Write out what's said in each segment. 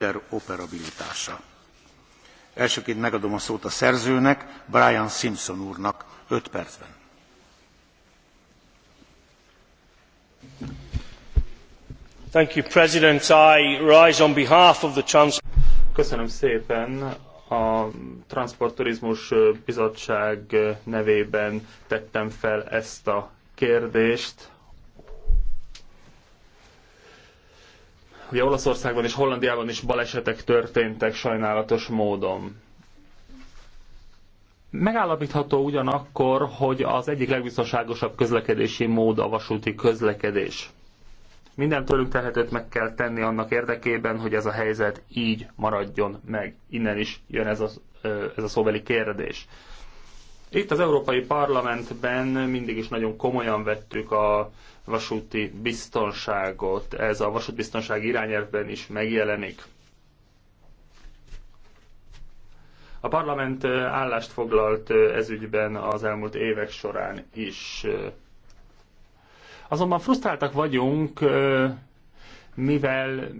interoperabilitása. Elsőként megadom a szót a szerzőnek, Brian Simpson úrnak, 5 percben. Thank you, President. I rise on behalf of the trans Köszönöm szépen a Transportturizmus Bizottság nevében tettem fel ezt a kérdést Ugye Olaszországban és Hollandiában is balesetek történtek sajnálatos módon. Megállapítható ugyanakkor, hogy az egyik legbiztonságosabb közlekedési mód a vasúti közlekedés. Minden tőlünk tehetőt meg kell tenni annak érdekében, hogy ez a helyzet így maradjon meg. Innen is jön ez a, ez a szóbeli kérdés. Itt az Európai Parlamentben mindig is nagyon komolyan vettük a vasúti biztonságot. Ez a vasútbiztonság irányelvben is megjelenik. A parlament állást foglalt ezügyben az elmúlt évek során is. Azonban frusztráltak vagyunk, mivel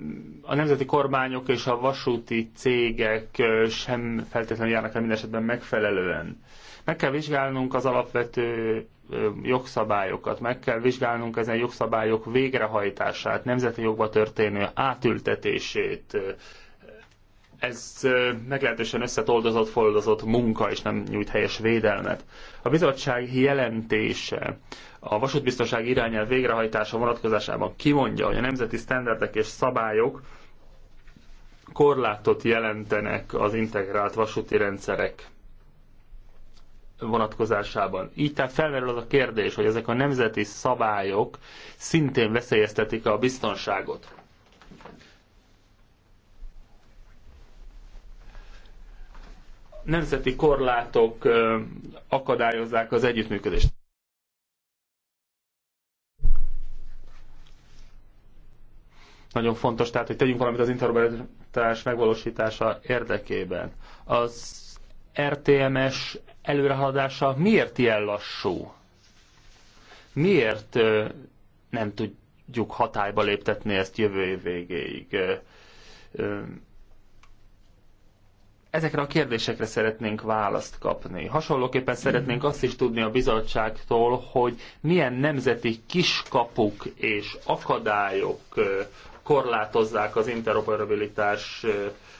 a nemzeti kormányok és a vasúti cégek sem feltétlenül járnak el minden esetben megfelelően. Meg kell vizsgálnunk az alapvető jogszabályokat, meg kell vizsgálnunk ezen jogszabályok végrehajtását, nemzeti jogba történő átültetését. Ez meglehetősen összetoldozott, foldozott munka, és nem nyújt helyes védelmet. A bizottság jelentése a vasútbiztonság irányelv végrehajtása vonatkozásában kimondja, hogy a nemzeti sztenderdek és szabályok korlátot jelentenek az integrált vasúti rendszerek vonatkozásában. Így tehát felmerül az a kérdés, hogy ezek a nemzeti szabályok szintén veszélyeztetik a biztonságot. Nemzeti korlátok akadályozzák az együttműködést. Nagyon fontos, tehát, hogy tegyünk valamit az interoperatás megvalósítása érdekében. Az RTMS előrehaladása miért ilyen lassú? Miért nem tudjuk hatályba léptetni ezt jövő év végéig? Ezekre a kérdésekre szeretnénk választ kapni. Hasonlóképpen szeretnénk azt is tudni a bizottságtól, hogy milyen nemzeti kiskapuk és akadályok korlátozzák az interoperabilitás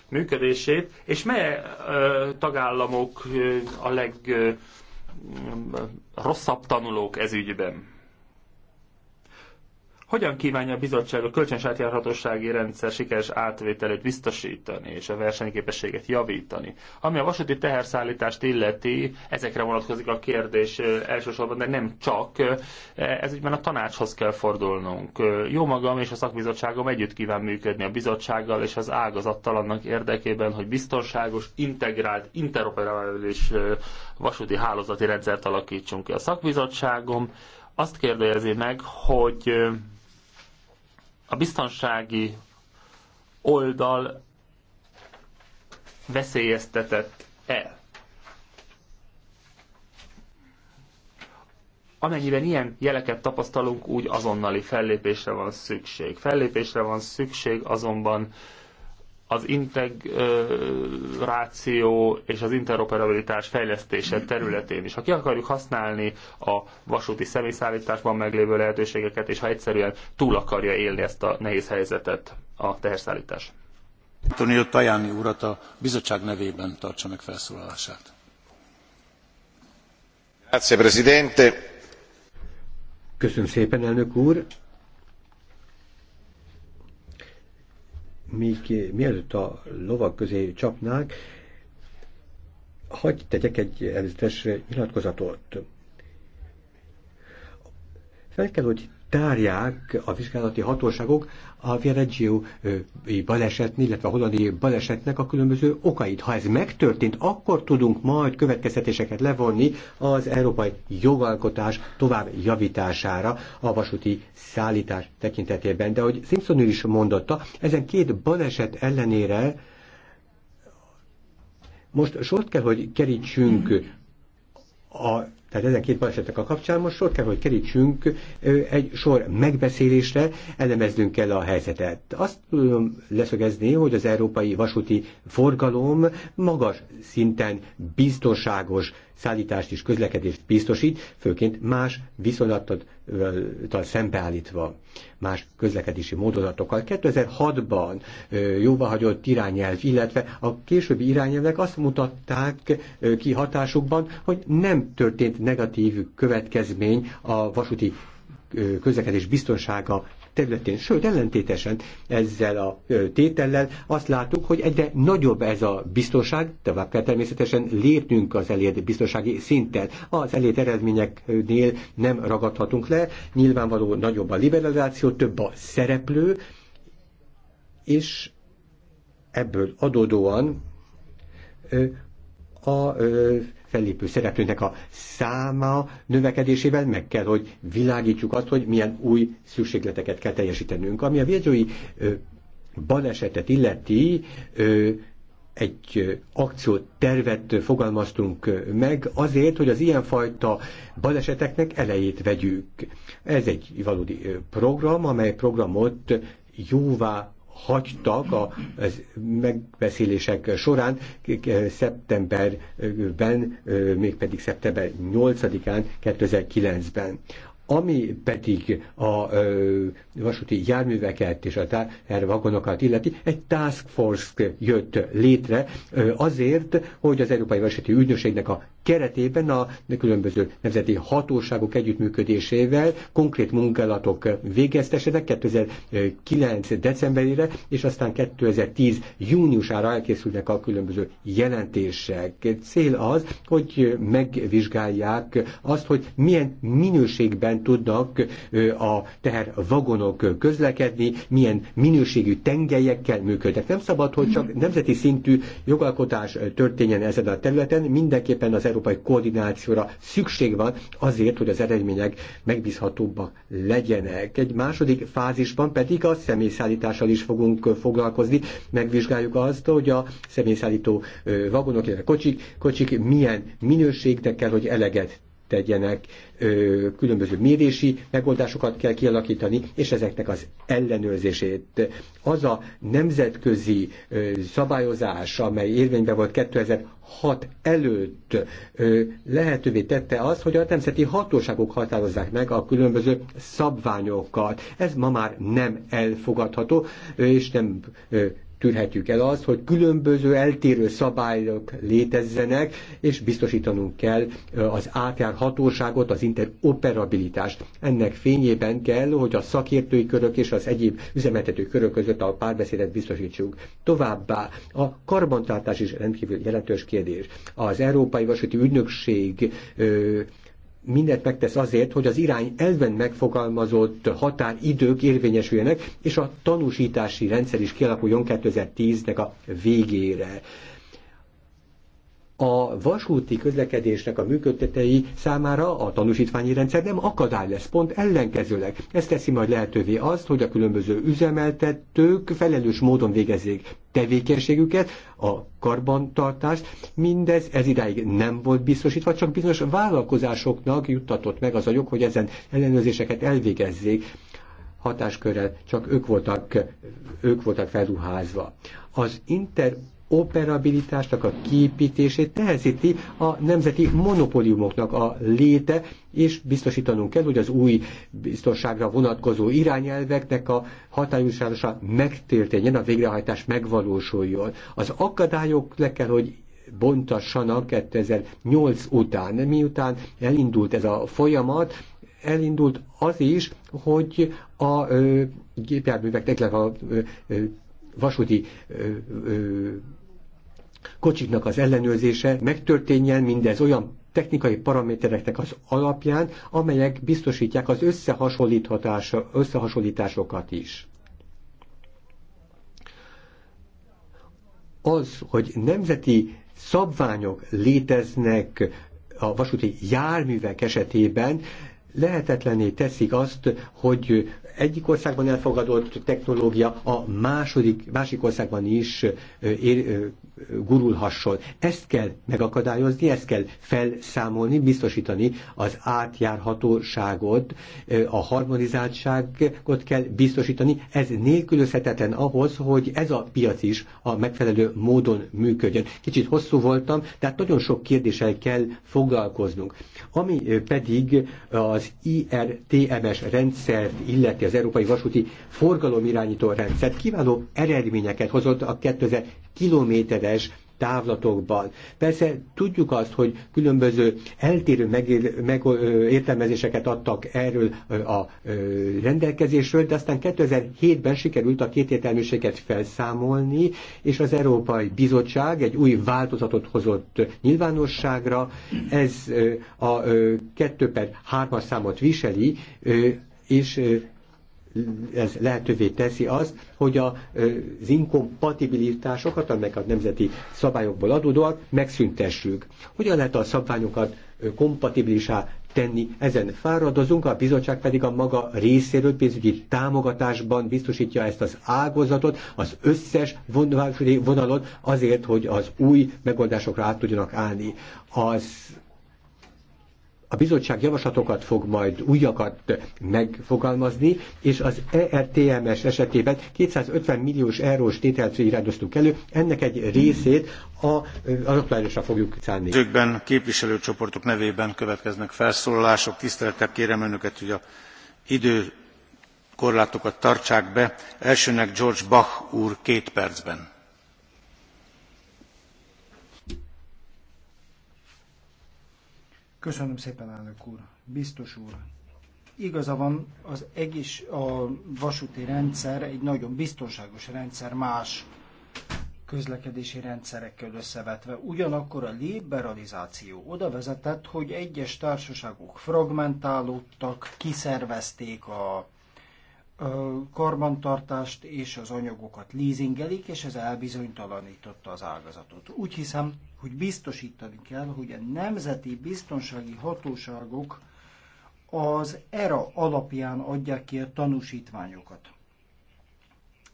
működését, és mely tagállamok a legrosszabb tanulók ez ügyben? Hogyan kívánja a bizottság a kölcsönös átjárhatósági rendszer sikeres átvételét biztosítani és a versenyképességet javítani? Ami a vasúti teherszállítást illeti, ezekre vonatkozik a kérdés elsősorban, de nem csak. Ez ügyben a tanácshoz kell fordulnunk. Jó magam és a szakbizottságom együtt kíván működni a bizottsággal és az ágazattal annak érdekében, hogy biztonságos, integrált, interoperabilis vasúti hálózati rendszert alakítsunk ki. A szakbizottságom azt kérdezi meg, hogy a biztonsági oldal veszélyeztetett el. Amennyiben ilyen jeleket tapasztalunk, úgy azonnali fellépésre van szükség. Fellépésre van szükség azonban az integráció és az interoperabilitás fejlesztése területén is. Ha ki akarjuk használni a vasúti személyszállításban meglévő lehetőségeket, és ha egyszerűen túl akarja élni ezt a nehéz helyzetet a teherszállítás. Antonio Tajani urat a bizottság nevében tartsa meg felszólalását. Grazie, Presidente. Köszönöm szépen, elnök úr. még mielőtt a lovak közé csapnák, hagyj tegyek egy előzetes nyilatkozatot. Fel kell, hogy tárják a vizsgálati hatóságok a Viareggio baleset illetve a hollandi balesetnek a különböző okait. Ha ez megtörtént, akkor tudunk majd következtetéseket levonni az európai jogalkotás tovább javítására a vasúti szállítás tekintetében. De ahogy Simpson is mondotta, ezen két baleset ellenére most sort kell, hogy kerítsünk a tehát ezen két balesetek a kapcsán most sor kell, hogy kerítsünk egy sor megbeszélésre, elemeznünk kell a helyzetet. Azt tudom leszögezni, hogy az európai vasúti forgalom magas szinten biztonságos szállítást és közlekedést biztosít, főként más viszonylatot szembeállítva más közlekedési módozatokkal. 2006-ban jóváhagyott irányelv, illetve a későbbi irányelvek azt mutatták ki hatásukban, hogy nem történt negatív következmény a vasúti közlekedés biztonsága területén. Sőt, ellentétesen ezzel a tétellel azt látjuk, hogy egyre nagyobb ez a biztonság, tovább kell természetesen lépnünk az elért biztonsági szinttel. Az elért eredményeknél nem ragadhatunk le, nyilvánvaló nagyobb a liberalizáció, több a szereplő, és ebből adódóan a fellépő szereplőnek a száma növekedésével meg kell, hogy világítsuk azt, hogy milyen új szükségleteket kell teljesítenünk. Ami a védői balesetet illeti, ö, egy akciótervet fogalmaztunk meg azért, hogy az ilyenfajta baleseteknek elejét vegyük. Ez egy valódi program, amely programot jóvá hagytak a megbeszélések során szeptemberben, mégpedig szeptember 8-án 2009-ben. Ami pedig a ö, vasúti járműveket és a vagonokat illeti, egy task force jött létre ö, azért, hogy az Európai Vasúti Ügynökségnek a keretében a különböző nemzeti hatóságok együttműködésével konkrét munkálatok végeztesenek 2009. decemberére, és aztán 2010. júniusára elkészülnek a különböző jelentések. Cél az, hogy megvizsgálják azt, hogy milyen minőségben mennyiben tudnak a teher vagonok közlekedni, milyen minőségű tengelyekkel működnek. Nem szabad, hogy csak mhm. nemzeti szintű jogalkotás történjen ezen a területen, mindenképpen az európai koordinációra szükség van azért, hogy az eredmények megbízhatóbbak legyenek. Egy második fázisban pedig a személyszállítással is fogunk foglalkozni, megvizsgáljuk azt, hogy a személyszállító vagonok, illetve kocsik, kocsik milyen minőségnek kell, hogy eleget tegyenek, különböző mérési megoldásokat kell kialakítani, és ezeknek az ellenőrzését. Az a nemzetközi szabályozás, amely érvényben volt 2006 előtt, lehetővé tette az, hogy a nemzeti hatóságok határozzák meg a különböző szabványokat. Ez ma már nem elfogadható, és nem tűrhetjük el azt, hogy különböző eltérő szabályok létezzenek, és biztosítanunk kell az átjárhatóságot, az interoperabilitást. Ennek fényében kell, hogy a szakértői körök és az egyéb üzemeltető körök között a párbeszédet biztosítsuk. Továbbá a karbantartás is rendkívül jelentős kérdés. Az Európai Vasúti Ügynökség mindent megtesz azért, hogy az irány elven megfogalmazott határidők érvényesüljenek, és a tanúsítási rendszer is kialakuljon 2010-nek a végére a vasúti közlekedésnek a működtetei számára a tanúsítványi rendszer nem akadály lesz, pont ellenkezőleg. Ez teszi majd lehetővé azt, hogy a különböző üzemeltetők felelős módon végezzék tevékenységüket, a karbantartást, mindez ez idáig nem volt biztosítva, csak bizonyos vállalkozásoknak juttatott meg az a jog, hogy ezen ellenőrzéseket elvégezzék hatáskörrel, csak ők voltak, ők voltak felruházva. Az inter operabilitásnak a kiépítését nehezíti a nemzeti monopóliumoknak a léte, és biztosítanunk kell, hogy az új biztonságra vonatkozó irányelveknek a hatályosságosa megtörténjen, a végrehajtás megvalósuljon. Az akadályok le kell, hogy bontassanak 2008 után, miután elindult ez a folyamat, elindult az is, hogy a ö, gépjárműveknek, a ö, vasúti kocsiknak az ellenőrzése megtörténjen, mindez olyan technikai paramétereknek az alapján, amelyek biztosítják az összehasonlításokat is. Az, hogy nemzeti szabványok léteznek a vasúti járművek esetében, lehetetlené teszik azt, hogy egyik országban elfogadott technológia a második, másik országban is ér, gurulhasson. Ezt kell megakadályozni, ezt kell felszámolni, biztosítani az átjárhatóságot, a harmonizáltságot kell biztosítani. Ez nélkülözhetetlen ahhoz, hogy ez a piac is a megfelelő módon működjön. Kicsit hosszú voltam, tehát nagyon sok kérdéssel kell foglalkoznunk. Ami pedig az IRTMS rendszert illeti az Európai Vasúti Forgalomirányító Rendszer kiváló eredményeket hozott a 2000 kilométeres távlatokban. Persze tudjuk azt, hogy különböző eltérő megér, meg, ö, értelmezéseket adtak erről ö, a ö, rendelkezésről, de aztán 2007-ben sikerült a kétértelműséget felszámolni, és az Európai Bizottság egy új változatot hozott nyilvánosságra. Ez ö, a 2 per 3-as számot viseli, ö, és ez lehetővé teszi az, hogy az inkompatibilitásokat, amelyek a nemzeti szabályokból adódóak, megszüntessük. Hogyan lehet a szabványokat kompatibilisá tenni. Ezen fáradozunk, a bizottság pedig a maga részéről pénzügyi támogatásban biztosítja ezt az ágazatot, az összes vonalon azért, hogy az új megoldásokra át tudjanak állni. Az a bizottság javaslatokat fog majd újakat megfogalmazni, és az ERTMS esetében 250 milliós eurós tételt irányoztuk elő, ennek egy részét a alapvárosra fogjuk szállni. Ezekben képviselőcsoportok nevében következnek felszólalások. Tisztelettel kérem önöket, hogy a idő korlátokat tartsák be. Elsőnek George Bach úr két percben Köszönöm szépen, elnök úr. Biztos úr. Igaza van, az egész a vasúti rendszer egy nagyon biztonságos rendszer más közlekedési rendszerekkel összevetve. Ugyanakkor a liberalizáció oda vezetett, hogy egyes társaságok fragmentálódtak, kiszervezték a karbantartást és az anyagokat leasingelik, és ez elbizonytalanította az ágazatot. Úgy hiszem, hogy biztosítani kell, hogy a nemzeti biztonsági hatóságok az ERA alapján adják ki a tanúsítványokat.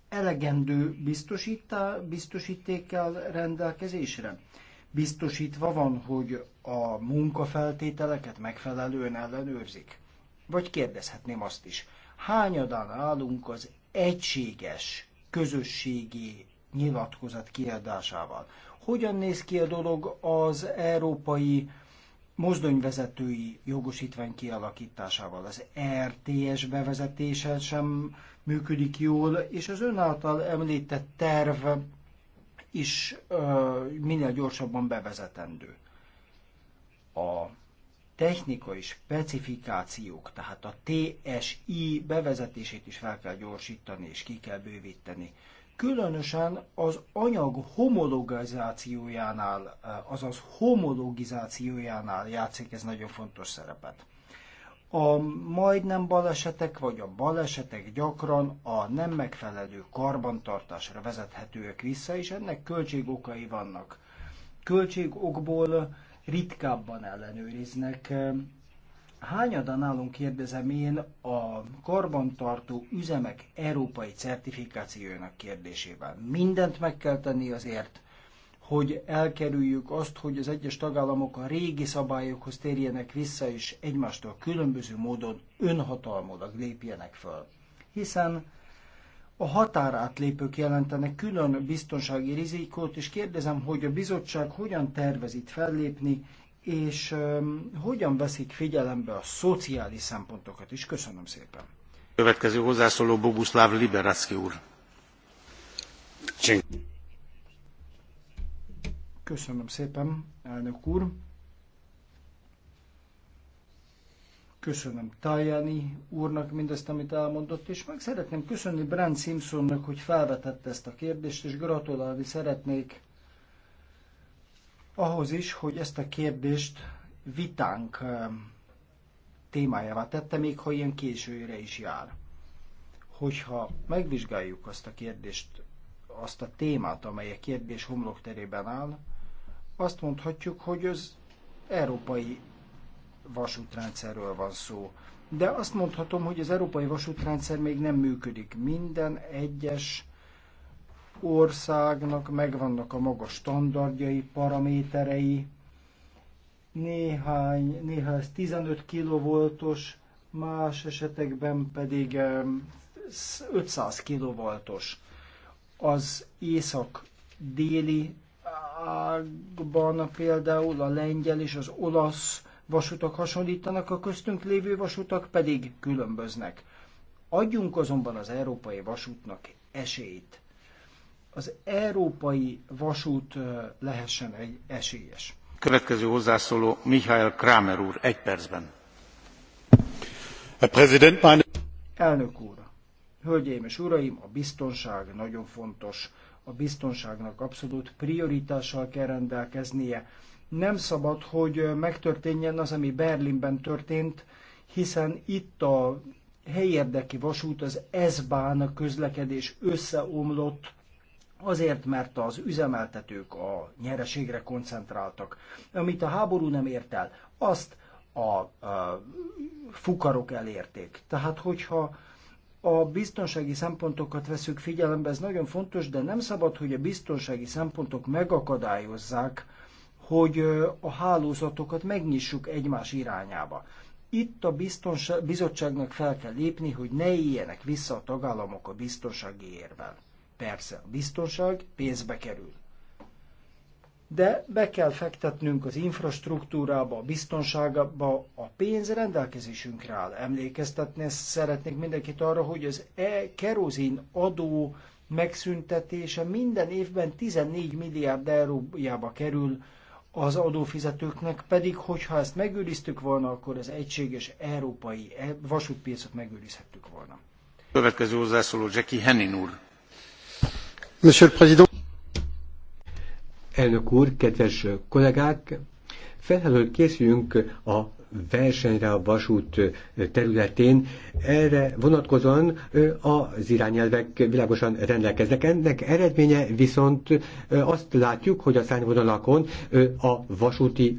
Elegendő biztosítá, biztosítékkel rendelkezésre. Biztosítva van, hogy a munkafeltételeket megfelelően ellenőrzik. Vagy kérdezhetném azt is, hányadán állunk az egységes közösségi nyilatkozat kiadásával. Hogyan néz ki a dolog az európai mozdonyvezetői jogosítvány kialakításával? Az RTS bevezetése sem működik jól, és az ön által említett terv is uh, minél gyorsabban bevezetendő. A technikai specifikációk, tehát a TSI bevezetését is fel kell gyorsítani és ki kell bővíteni. Különösen az anyag homologizációjánál, eh, azaz homologizációjánál játszik ez nagyon fontos szerepet. A majdnem balesetek vagy a balesetek gyakran a nem megfelelő karbantartásra vezethetőek vissza, és ennek költségokai vannak. Költségokból ritkábban ellenőriznek. Hányadan nálunk kérdezem én, a karbantartó üzemek európai certifikációjának kérdésében? Mindent meg kell tenni azért, hogy elkerüljük azt, hogy az egyes tagállamok a régi szabályokhoz térjenek vissza, és egymástól különböző módon önhatalmulag lépjenek föl. Hiszen a határátlépők jelentenek külön biztonsági rizikót, és kérdezem, hogy a bizottság hogyan tervez fellépni, és um, hogyan veszik figyelembe a szociális szempontokat is. Köszönöm szépen. Következő hozzászóló Boguszláv Liberacki úr. Köszönöm szépen, elnök úr. Köszönöm Tajani úrnak mindezt, amit elmondott, és meg szeretném köszönni Brent Simpsonnak, hogy felvetette ezt a kérdést, és gratulálni szeretnék ahhoz is, hogy ezt a kérdést vitánk eh, témájává tette, még ha ilyen későre is jár. Hogyha megvizsgáljuk azt a kérdést, azt a témát, amely a kérdés homlokterében áll, azt mondhatjuk, hogy az európai vasútrendszerről van szó. De azt mondhatom, hogy az európai vasútrendszer még nem működik. Minden egyes országnak megvannak a maga standardjai, paraméterei. Néhány, néha ez 15 kilovoltos, más esetekben pedig 500 kilovoltos. Az észak-déli ágban például a lengyel és az olasz vasutak hasonlítanak, a köztünk lévő vasutak pedig különböznek. Adjunk azonban az európai vasútnak esélyt. Az európai vasút lehessen egy esélyes. Következő hozzászóló Mihály Kramer úr, egy percben. Elnök úr, hölgyeim és uraim, a biztonság nagyon fontos. A biztonságnak abszolút prioritással kell rendelkeznie nem szabad, hogy megtörténjen az, ami Berlinben történt, hiszen itt a helyérdeki vasút, az S-bán közlekedés összeomlott, azért, mert az üzemeltetők a nyereségre koncentráltak. Amit a háború nem ért el, azt a, a fukarok elérték. Tehát, hogyha a biztonsági szempontokat veszük figyelembe, ez nagyon fontos, de nem szabad, hogy a biztonsági szempontok megakadályozzák hogy a hálózatokat megnyissuk egymás irányába. Itt a bizottságnak fel kell lépni, hogy ne éljenek vissza a tagállamok a biztonsági érvel. Persze, a biztonság pénzbe kerül. De be kell fektetnünk az infrastruktúrába, a biztonságba, a pénz rendelkezésünkre áll. Emlékeztetni szeretnék mindenkit arra, hogy az e kerozin adó megszüntetése minden évben 14 milliárd eurójába kerül, az adófizetőknek, pedig hogyha ezt megőriztük volna, akkor az egységes európai e- vasútpiacot megőrizhettük volna. Következő hozzászóló Jackie Hennin úr. Monsieur Président. Elnök úr, kedves kollégák, felelőtt készüljünk a versenyre a vasút területén. Erre vonatkozóan az irányelvek világosan rendelkeznek. Ennek eredménye viszont azt látjuk, hogy a szárnyvonalakon a vasúti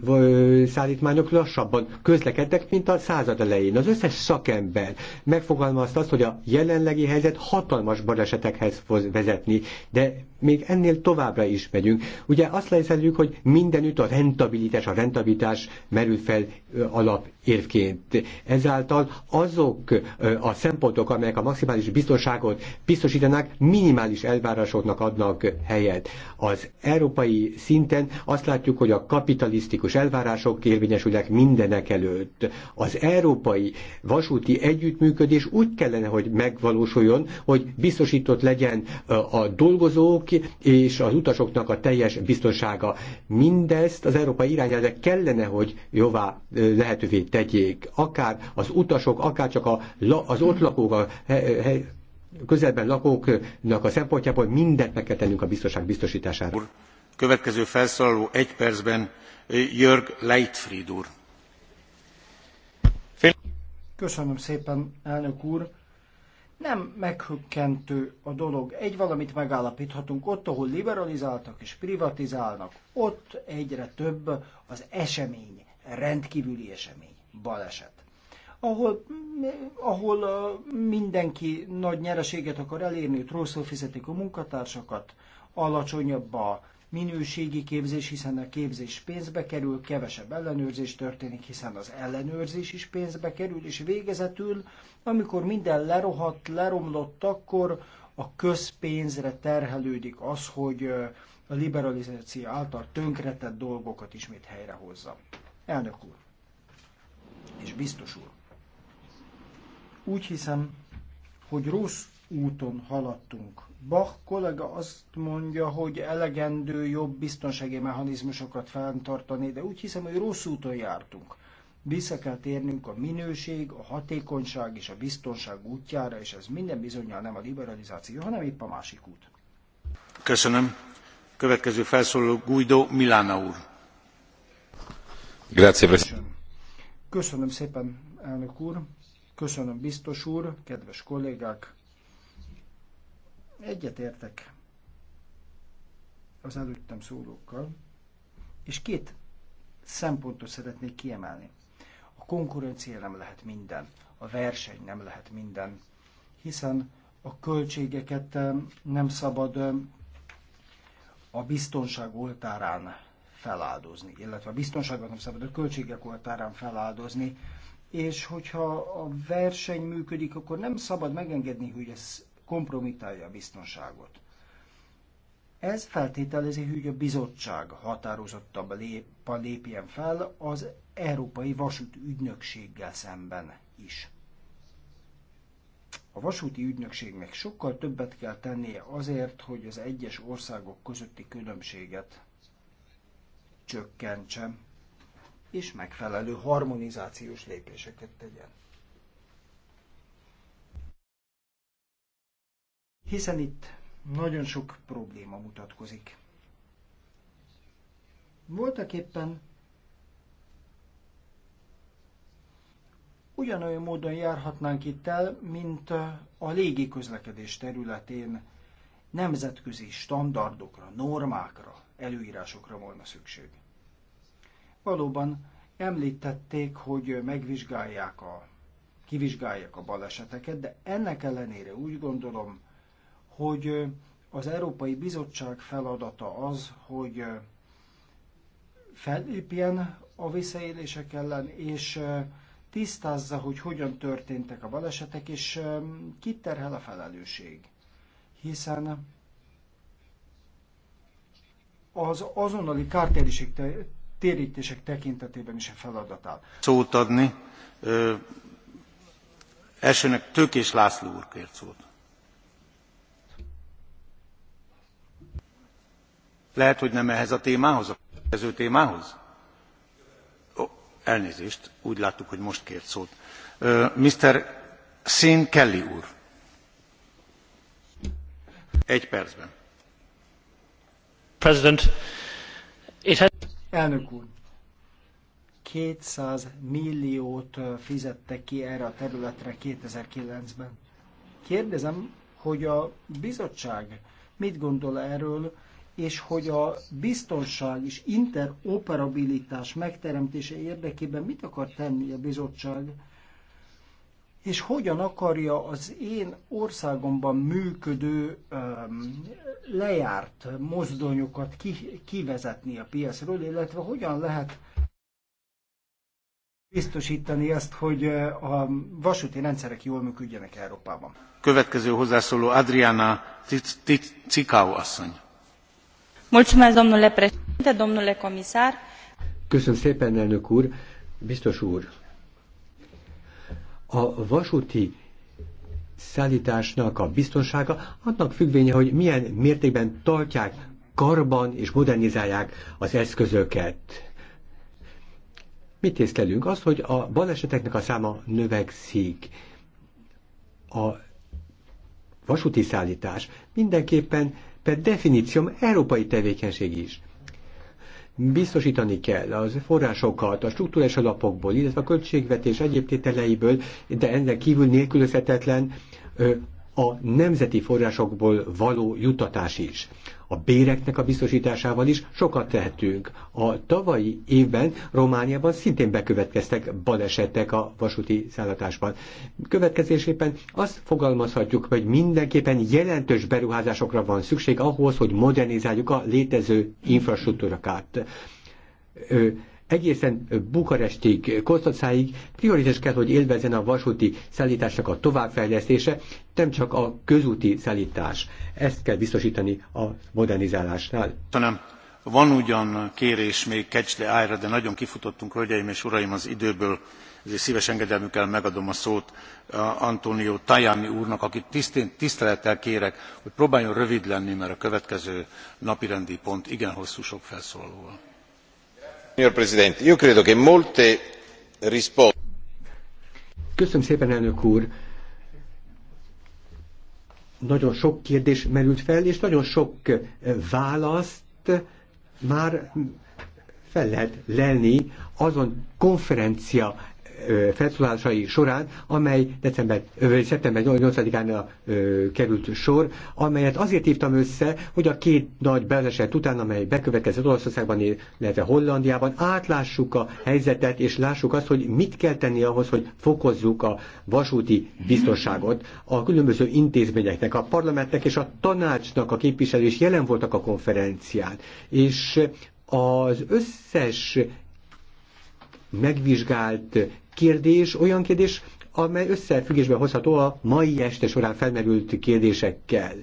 szállítmányok lassabban közlekednek, mint a század elején. Az összes szakember megfogalmazta azt, hogy a jelenlegi helyzet hatalmas balesetekhez fog vezetni, de még ennél továbbra is megyünk. Ugye azt lejszeljük, hogy mindenütt a rentabilitás, a rentabilitás merül fel alapérvként. Ezáltal azok a szempontok, amelyek a maximális biztonságot biztosítanák, minimális elvárásoknak adnak helyet. Az európai szinten azt látjuk, hogy a kapitalisztikus elvárások érvényesülnek mindenek előtt. Az európai vasúti együttműködés úgy kellene, hogy megvalósuljon, hogy biztosított legyen a dolgozók, és az utasoknak a teljes biztonsága. Mindezt az európai irányelvek kellene, hogy jóvá lehetővé tegyék. Akár az utasok, akár csak a, az ott lakók, a, közelben lakóknak a szempontjából mindent meg kell tennünk a biztonság biztosítására. Úr, következő felszólaló egy percben Jörg Leitfried úr. Köszönöm szépen, elnök úr. Nem meghökkentő a dolog. Egy valamit megállapíthatunk, ott, ahol liberalizáltak és privatizálnak, ott egyre több az esemény, rendkívüli esemény, baleset. Ahol, ahol eh, mindenki nagy nyereséget akar elérni, hogy rosszul fizetik a munkatársakat, alacsonyabb a minőségi képzés, hiszen a képzés pénzbe kerül, kevesebb ellenőrzés történik, hiszen az ellenőrzés is pénzbe kerül, és végezetül, amikor minden lerohadt, leromlott, akkor a közpénzre terhelődik az, hogy a liberalizáció által tönkretett dolgokat ismét helyrehozza. Elnök úr, és biztos úr, úgy hiszem, hogy rossz úton haladtunk. Bach kollega azt mondja, hogy elegendő jobb biztonsági mechanizmusokat fenntartani, de úgy hiszem, hogy rossz úton jártunk. Vissza kell térnünk a minőség, a hatékonyság és a biztonság útjára, és ez minden bizonyal nem a liberalizáció, hanem épp a másik út. Köszönöm. Következő felszólaló Guido Milana úr. Grazie, Köszönöm. Köszönöm szépen, elnök úr. Köszönöm, biztos úr, kedves kollégák, Egyetértek az előttem szólókkal, és két szempontot szeretnék kiemelni. A konkurencia nem lehet minden, a verseny nem lehet minden, hiszen a költségeket eh, nem szabad eh, a biztonság oltárán feláldozni, illetve a biztonságot nem szabad a költségek oltárán feláldozni, és hogyha a verseny működik, akkor nem szabad megengedni, hogy ez kompromitálja a biztonságot. Ez feltételezi, hogy a bizottság határozottabb lép, lépjen fel az Európai Vasúti Ügynökséggel szemben is. A vasúti ügynökségnek sokkal többet kell tennie azért, hogy az egyes országok közötti különbséget csökkentse, és megfelelő harmonizációs lépéseket tegyen. hiszen itt nagyon sok probléma mutatkozik. Voltak éppen ugyanolyan módon járhatnánk itt el, mint a légi közlekedés területén nemzetközi standardokra, normákra, előírásokra volna szükség. Valóban említették, hogy megvizsgálják a, kivizsgálják a baleseteket, de ennek ellenére úgy gondolom, hogy az Európai Bizottság feladata az, hogy fellépjen a visszaélések ellen, és tisztázza, hogy hogyan történtek a balesetek, és kit terhel a felelősség. Hiszen az azonnali kártériség térítések tekintetében is a feladat áll. Szót adni. Ö, elsőnek Tőkés László úr kért szót. Lehet, hogy nem ehhez a témához, a következő témához? elnézést, úgy láttuk, hogy most kért szót. Mr. Szín Kelly úr. Egy percben. President, Elnök úr, 200 milliót fizettek ki erre a területre 2009-ben. Kérdezem, hogy a bizottság mit gondol erről, és hogy a biztonság és interoperabilitás megteremtése érdekében mit akar tenni a bizottság, és hogyan akarja az én országomban működő um, lejárt mozdonyokat ki, kivezetni a piacról, illetve hogyan lehet biztosítani azt, hogy a vasúti rendszerek jól működjenek Európában. Következő hozzászóló Adriana Cikau asszony Köszönöm szépen, elnök úr, A vasúti szállításnak a biztonsága annak függvénye, hogy milyen mértékben tartják karban és modernizálják az eszközöket. Mit észlelünk? Az, hogy a baleseteknek a száma növekszik. A vasúti szállítás mindenképpen per definícióm európai tevékenység is. Biztosítani kell az forrásokat a struktúrás alapokból, illetve a költségvetés egyéb tételeiből, de ennek kívül nélkülözhetetlen a nemzeti forrásokból való juttatás is a béreknek a biztosításával is sokat tehetünk. A tavalyi évben Romániában szintén bekövetkeztek balesetek a vasúti szállatásban. Következésében azt fogalmazhatjuk, hogy mindenképpen jelentős beruházásokra van szükség ahhoz, hogy modernizáljuk a létező infrastruktúrakát egészen Bukarestig, Kosztacáig prioritás kell, hogy élvezzen a vasúti szállításnak a továbbfejlesztése, nem csak a közúti szállítás. Ezt kell biztosítani a modernizálásnál. Tönöm. Van ugyan kérés még kecsde ájra, de nagyon kifutottunk, hölgyeim és uraim, az időből, ezért szíves engedelmükkel megadom a szót eh, Antonio Tajani úrnak, akit tisztén, tisztelettel kérek, hogy próbáljon rövid lenni, mert a következő napirendi pont igen hosszú sok felszólalóval signor presidente io credo che molte risposte. köszönöm szépen elnök nagyon sok kérdés merült fel és nagyon sok eh, választ már fel lehet lelni azon konferencia felszólásai során, amely december, szeptember 8-án került sor, amelyet azért hívtam össze, hogy a két nagy beleset után, amely bekövetkezett Olaszországban, illetve Hollandiában, átlássuk a helyzetet, és lássuk azt, hogy mit kell tenni ahhoz, hogy fokozzuk a vasúti biztonságot. A különböző intézményeknek, a parlamentnek és a tanácsnak a képviselő is jelen voltak a konferencián, és az összes megvizsgált kérdés olyan kérdés, amely összefüggésbe hozható a mai este során felmerült kérdésekkel.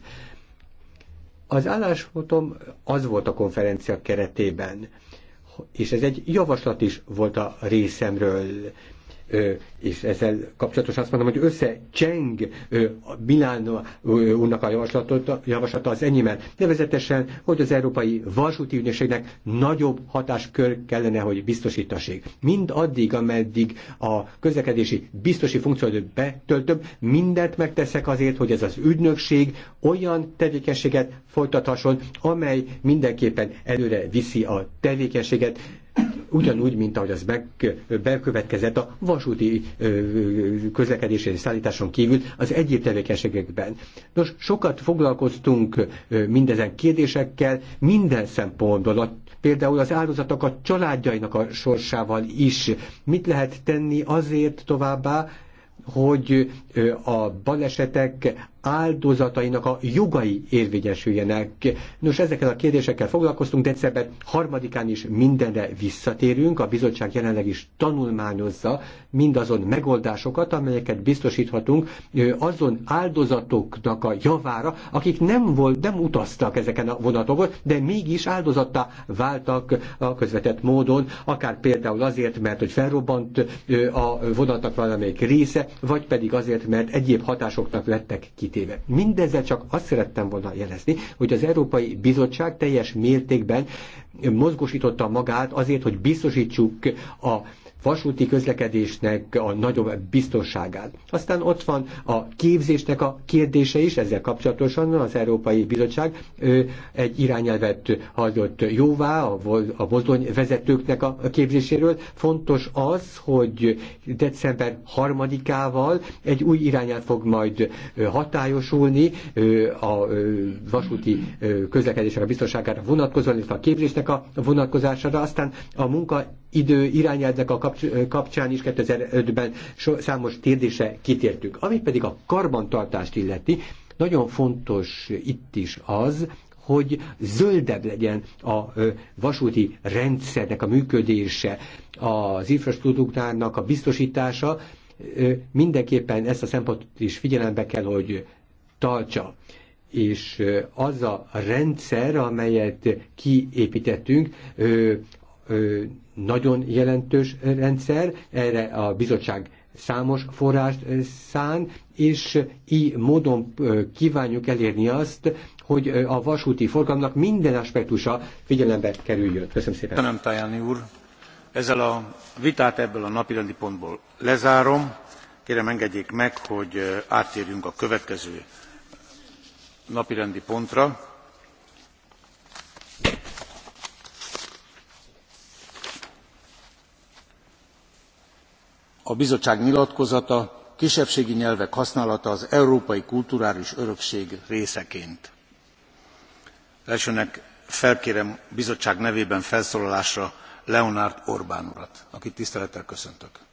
Az álláspontom az volt a konferencia keretében, és ez egy javaslat is volt a részemről és ezzel kapcsolatos azt mondom, hogy összecseng Milánó úrnak a javaslata az enyémel. Nevezetesen, hogy az Európai Vasúti Ügynökségnek nagyobb hatáskör kellene, hogy biztosítassék. Mind addig, ameddig a közlekedési biztosi funkciót betöltöm, mindent megteszek azért, hogy ez az ügynökség olyan tevékenységet folytathasson, amely mindenképpen előre viszi a tevékenységet, ugyanúgy, mint ahogy az bekövetkezett a vasúti közlekedés és szállításon kívül az egyéb tevékenységekben. Nos, sokat foglalkoztunk mindezen kérdésekkel, minden szempontból, például az áldozatok a családjainak a sorsával is. Mit lehet tenni azért továbbá, hogy a balesetek áldozatainak a jogai érvényesüljenek. Nos, ezekkel a kérdésekkel foglalkoztunk, december harmadikán is mindenre visszatérünk. A bizottság jelenleg is tanulmányozza mindazon megoldásokat, amelyeket biztosíthatunk azon áldozatoknak a javára, akik nem, volt, nem utaztak ezeken a vonatokon, de mégis áldozattá váltak a közvetett módon, akár például azért, mert hogy felrobbant a vonatnak valamelyik része, vagy pedig azért, mert egyéb hatásoknak lettek kitéve. Mindezzel csak azt szerettem volna jelezni, hogy az Európai Bizottság teljes mértékben mozgósította magát azért, hogy biztosítsuk a vasúti közlekedésnek a nagyobb biztonságát. Aztán ott van a képzésnek a kérdése is, ezzel kapcsolatosan az Európai Bizottság egy irányelvet hagyott jóvá a mozdony vezetőknek a képzéséről. Fontos az, hogy december harmadikával egy új irányelv fog majd hatályosulni a vasúti közlekedésnek a biztonságára vonatkozóan, illetve a képzésnek a vonatkozására, aztán a munka idő irányelvnek a kapcsán is 2005-ben számos kérdése kitértünk. Ami pedig a karbantartást illeti, nagyon fontos itt is az, hogy zöldebb legyen a vasúti rendszernek a működése, az infrastruktúrának a biztosítása, mindenképpen ezt a szempontot is figyelembe kell, hogy tartsa. És az a rendszer, amelyet kiépítettünk, nagyon jelentős rendszer, erre a bizottság számos forrást szán, és így módon kívánjuk elérni azt, hogy a vasúti forgalomnak minden aspektusa figyelembe kerüljön. Köszönöm szépen. Köszönöm, Tajani úr. Ezzel a vitát ebből a napirendi pontból lezárom. Kérem engedjék meg, hogy átérjünk a következő napirendi pontra a bizottság nyilatkozata kisebbségi nyelvek használata az európai kulturális örökség részeként. elsőnek felkérem bizottság nevében felszólalásra leonard orbán urat akit tisztelettel köszöntök.